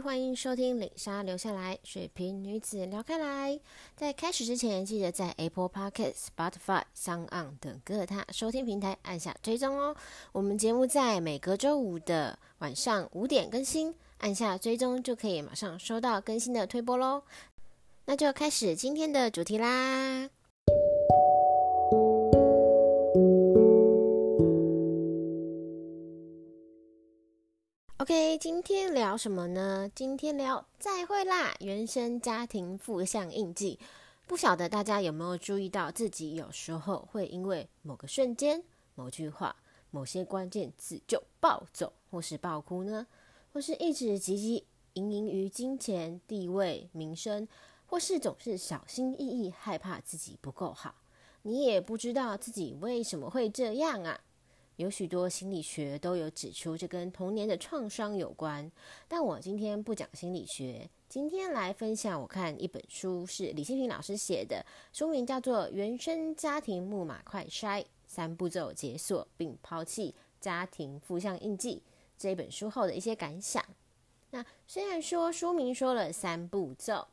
歡迎收聽《理紗琉下來》，水瓶女子聊開來。在開始之前，記得在 Apple Podcast、Spotify、SoundOn 等各大收聽平台按下追蹤哦。我們節目在每隔周五的晚上五點更新，按下追蹤就可以馬上收到更新的推播嘍。那就開始今天的主題啦。OK，今天聊什麼呢？今天聊再會啦，原生家庭負向印記，不曉得大家有沒有注意到自己有時候會因為某個瞬間、某句話、某些關鍵字就暴走，或是暴哭呢？或是一直汲汲營營於金錢、地位、名聲，或是總是小心翼翼，害怕自己不夠好。你也不知道自己為什麼會這樣啊？有許多心理學都有指出，這跟童年的創傷有關。但我今天不講心理學，今天來分享我看一本書，是李欣頻老師寫的，書名叫做《原生家庭木馬快篩：三步驟解鎖並拋棄家庭負向印記》。這本書後的一些感想。那雖然說書名說了三步驟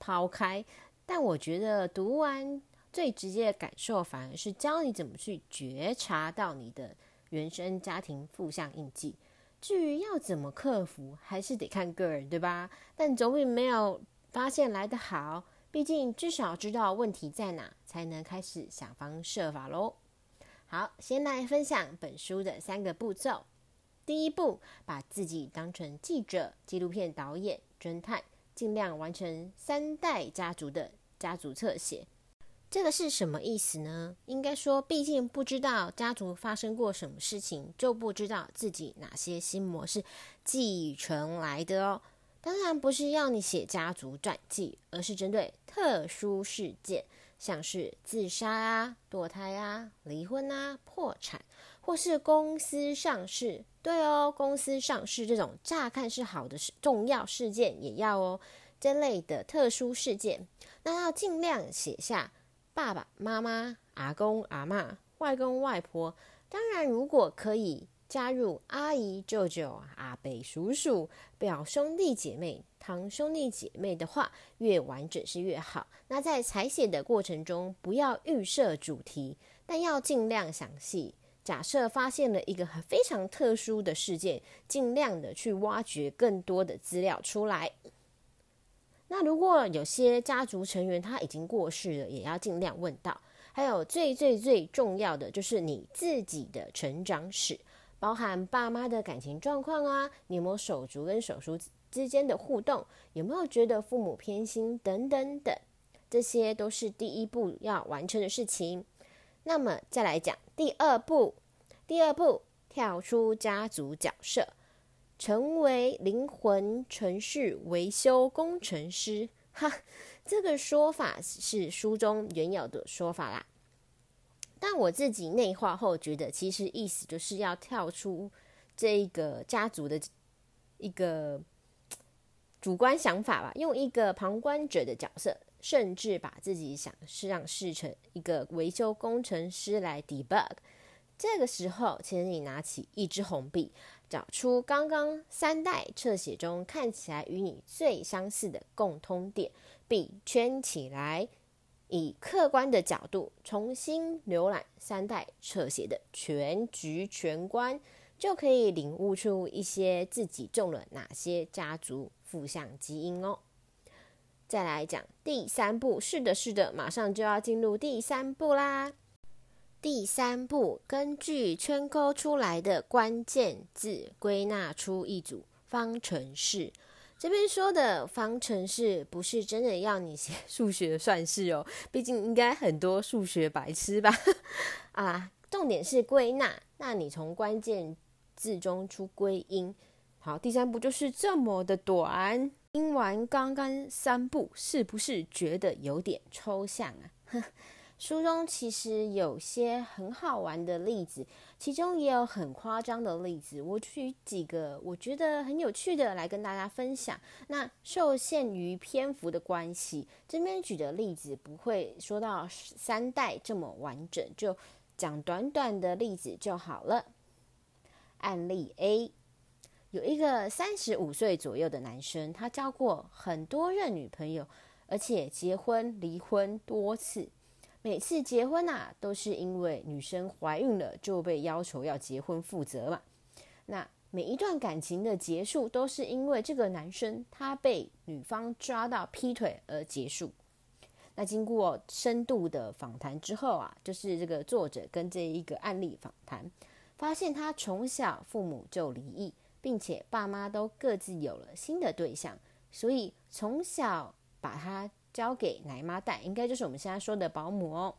拋開，但我覺得讀完最直接的感受，反而是教你怎麼去覺察到你的。原生家庭負向印記，至於要怎麼克服，還是得看個人，對吧？但總比沒有發現來得好，畢竟至少知道問題在哪，才能開始想方設法嘍。好，先來分享本書的三個步驟。第一步，把自己當成記者、紀錄片導演、偵探，儘量完成三代家族的家族側寫。這個是什麼意思呢？應該說，畢竟不知道家族發生過什麼事情，就不知道自己哪些新模式繼承來的哦。當然不是要你寫家族傳記，而是針對特殊事件，像是自殺啊、墮胎啊、離婚啊、破產，或是公司上市。對哦，公司上市這種乍看是好的重要事件也要哦，這類的特殊事件，那要盡量寫下。爸爸媽媽、阿公阿嬤、外公外婆，當然如果可以加入阿姨、舅舅、阿伯、叔叔、表兄弟姐妹、堂兄弟姐妹的話，越完整是越好。那在採寫的過程中，不要預設主題，但要盡量詳細。假設發現了一個很非常特殊的事件，盡量的去挖掘更多的資料出來。那如果有些家族成員他已經過世了，也要盡量問到。還有最最最重要的就是你自己的成長史，包含爸媽的感情狀況啊，你有沒有手足跟手足之間的互動，有沒有覺得父母偏心等等等，這些都是第一步要完成的事情。那麼再來講第二步，第二步跳出家族角色。成為靈魂程序維修工程師，哈，這個說法是書中原有的說法啦。但我自己內化後覺得，其實意思就是要跳出這一個家族的一個主觀想法吧，用一個旁觀者的角色，甚至把自己想像成一個維修工程師來 debug。這個時候，請你拿起一支紅筆，找出剛剛三代側寫中看起來與你最相似的共通點，並圈起來。以客觀的角度重新瀏覽三代側寫的全局全觀，就可以領悟出一些自己中了哪些家族負向基因哦。再來講第三步，是的，是的，馬上就要進入第三步啦。第三步，根據圈勾出來的關鍵字歸納出一組方程式。這邊說的方程式，不是真的要你寫數學算式哦，畢竟應該很多數學白痴吧？ 啊，重點是歸納。那你從關鍵字中出歸因。好，第三步就是這麼的短。聽完剛剛三步，是不是覺得有點抽象啊？ 書中其實有些很好玩的例子，其中也有很誇張的例子。我舉幾個我覺得很有趣的來跟大家分享。那受限於篇幅的關係，這邊舉的例子不會說到三代這麼完整，就講短短的例子就好了。案例 A 有一個三十五歲左右的男生，他交過很多任女朋友，而且結婚離婚多次。每次結婚吶、啊，都是因為女生懷孕了，就被要求要結婚負責嘛。那每一段感情的結束，都是因為這個男生他被女方抓到劈腿而結束。那經過深度的訪談之後啊，就是這個作者跟這一個案例訪談，發現他從小父母就離異，並且爸媽都各自有了新的對象，所以從小把他。交給奶媽帶，應該就是我們現在說的保姆哦。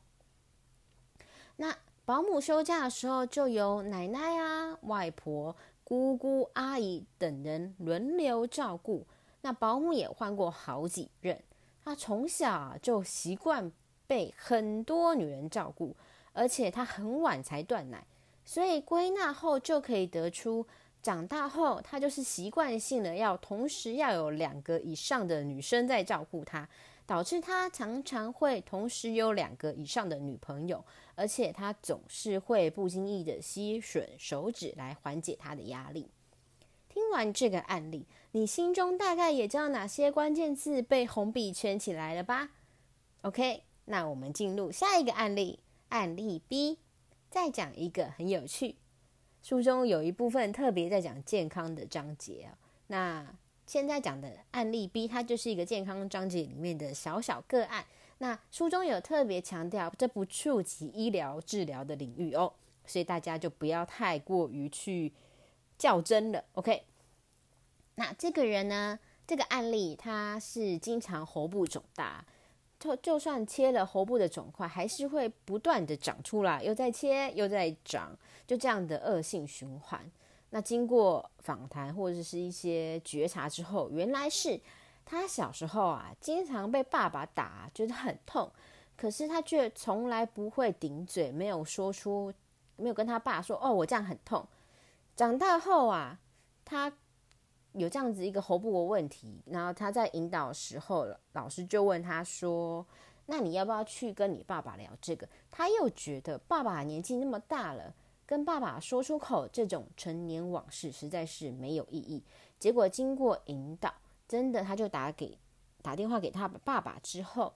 那保姆休假的時候，就由奶奶啊、外婆、姑姑、阿姨等人輪流照顧。那保姆也換過好幾任，她從小就習慣被很多女人照顧，而且她很晚才斷奶，所以歸納後就可以得出，長大後她就是習慣性的要同時要有兩個以上的女生在照顧她。導致他常常會同時有兩個以上的女朋友，而且他總是會不經意的吸吮手指來緩解他的壓力。聽完這個案例，你心中大概也知道哪些關鍵字被紅筆圈起來了吧？OK，那我們進入下一個案例，案例 B，再講一個很有趣。書中有一部分特別在講健康的章節哦，那。現在講的案例 B，它就是一個健康章節裡面的小小個案。那書中有特別強調，這不觸及醫療治療的領域哦，所以大家就不要太過於去較真了。OK，那這個人呢，這個案例他是經常喉部腫大，就就算切了喉部的腫塊，還是會不斷地長出來，又在切又在長，就這樣的惡性循環。那經過訪談或者是一些覺察之後，原來是他小時候啊，經常被爸爸打，覺得很痛，可是他卻從來不會頂嘴，沒有說出，沒有跟他爸說，哦，我這樣很痛。長大後啊，他有這樣子一個喉部的問題，然後他在引導的時候，老師就問他說，那你要不要去跟你爸爸聊這個？他又覺得爸爸年紀那麼大了。跟爸爸說出口這種陳年往事實在是沒有意義。結果經過引導，真的他就打給打電話給他爸爸之後，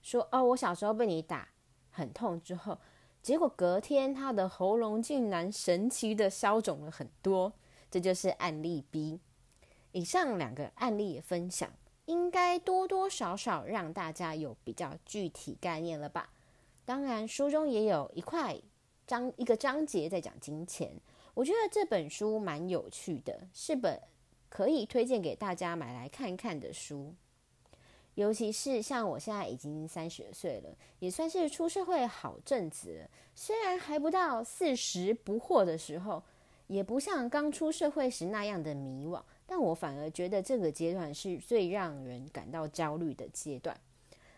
說：“哦，我小時候被你打很痛。”之後，結果隔天他的喉嚨竟然神奇的消腫了很多。這就是案例 B。以上兩個案例分享，應該多多少少讓大家有比較具體概念了吧？當然，書中也有一塊。章一個章節在講金錢，我覺得這本書蠻有趣的，是本可以推薦給大家買來看看的書。尤其是像我現在已經三十歲了，也算是出社會好陣子了，雖然還不到四十不惑的時候，也不像剛出社會時那樣的迷惘，但我反而覺得這個階段是最讓人感到焦慮的階段，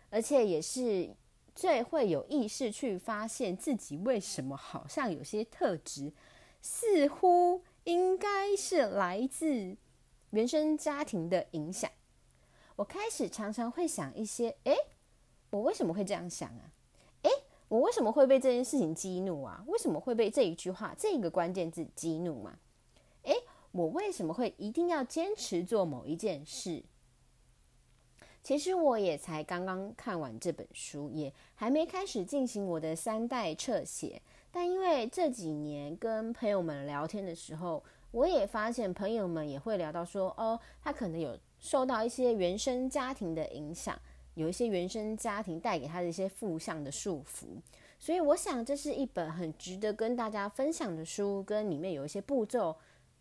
而且也是最會有意識去發現自己為什麼好像有些特質，似乎應該是來自原生家庭的影響。我開始常常會想一些，哎，我為什麼會這樣想啊？哎，我為什麼會被這件事情激怒啊？為什麼會被這一句話、這個關鍵字激怒嗎？哎，我為什麼會一定要堅持做某一件事？其實我也才剛剛看完這本書，也還沒開始進行我的三代側寫。但因為這幾年跟朋友們聊天的時候，我也發現朋友們也會聊到說，哦，他可能有受到一些原生家庭的影響，有一些原生家庭帶給他的一些負向的束縛。所以我想，這是一本很值得跟大家分享的書，跟裡面有一些步驟。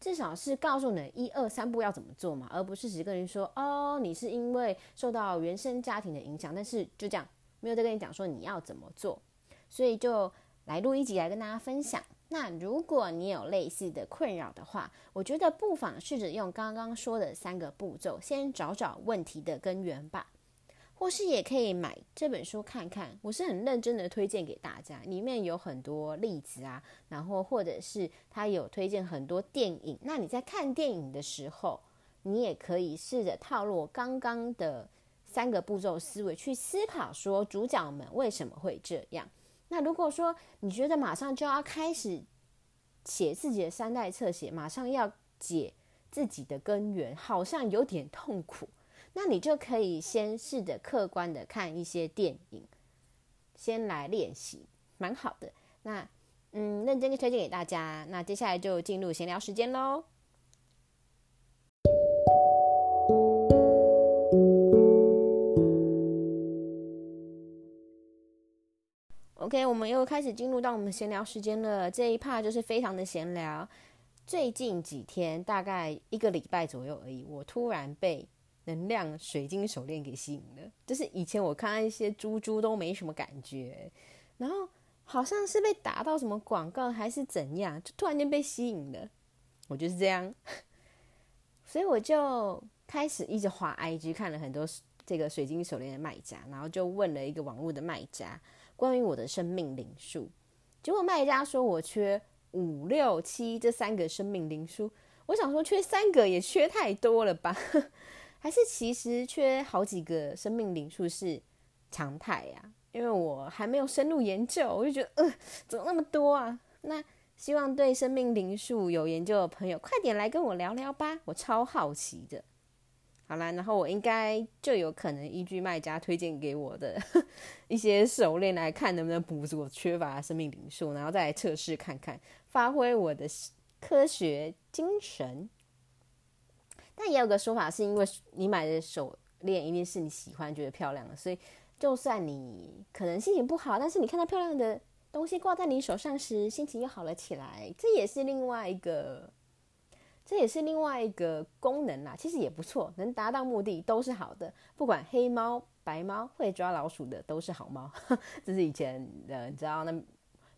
至少是告訴你一二三步要怎麼做嘛，而不是只跟人說哦，你是因為受到原生家庭的影響，但是就這樣沒有再跟你講說你要怎麼做，所以就來錄一集來跟大家分享。那如果你有類似的困擾的話，我覺得不妨試着用剛剛說的三個步驟，先找找問題的根源吧。或是也可以買這本書看看，我是很認真的推薦給大家，裡面有很多例子啊，然後或者是他有推薦很多電影，那你在看電影的時候，你也可以試着套入剛剛的三個步驟思維去思考，說主角們為什麼會這樣。那如果說你覺得馬上就要開始寫自己的三代側寫，馬上要解自己的根源，好像有點痛苦。那你就可以先試着客觀的看一些電影，先來練習，蠻好的。那，嗯，認真地推薦給大家。那接下來就進入閒聊時間嘍。OK，我們又開始進入到我們閒聊時間了。這一 part 就是非常的閒聊。最近幾天，大概一個禮拜左右而已，我突然被。能量水晶手鏈給吸引了，就是以前我看一些珠珠都沒什麼感覺，欸，然後好像是被打到什麼廣告還是怎樣，就突然間被吸引了。我就是這樣， 所以我就開始一直滑 IG 看了很多這個水晶手鏈的賣家，然後就問了一個網絡的賣家關於我的生命靈數，結果賣家說我缺五六七這三個生命靈數，我想說缺三個也缺太多了吧。 還是其實缺好幾個生命靈數是常態呀、啊，因為我還沒有深入研究，我就覺得，呃，怎麼那麼多啊？那希望對生命靈數有研究的朋友，快點來跟我聊聊吧，我超好奇的。好啦，然後我應該就有可能依據賣家推薦給我的一些手鏈來看，能不能補足我缺乏生命靈數，然後再來測試看看，發揮我的科學精神。但也有個說法，是因為你買的手鏈一定是你喜歡、覺得漂亮的，所以就算你可能心情不好，但是你看到漂亮的東西掛在你手上時，心情又好了起來。這也是另外一個，這也是另外一個功能啦。其實也不錯，能達到目的都是好的。不管黑貓白貓，會抓老鼠的都是好貓。這是以前的，你知道那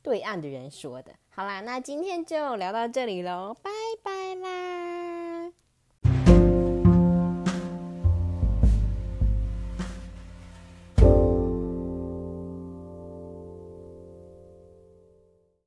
對岸的人說的。好啦，那今天就聊到這裡嘍，拜拜啦。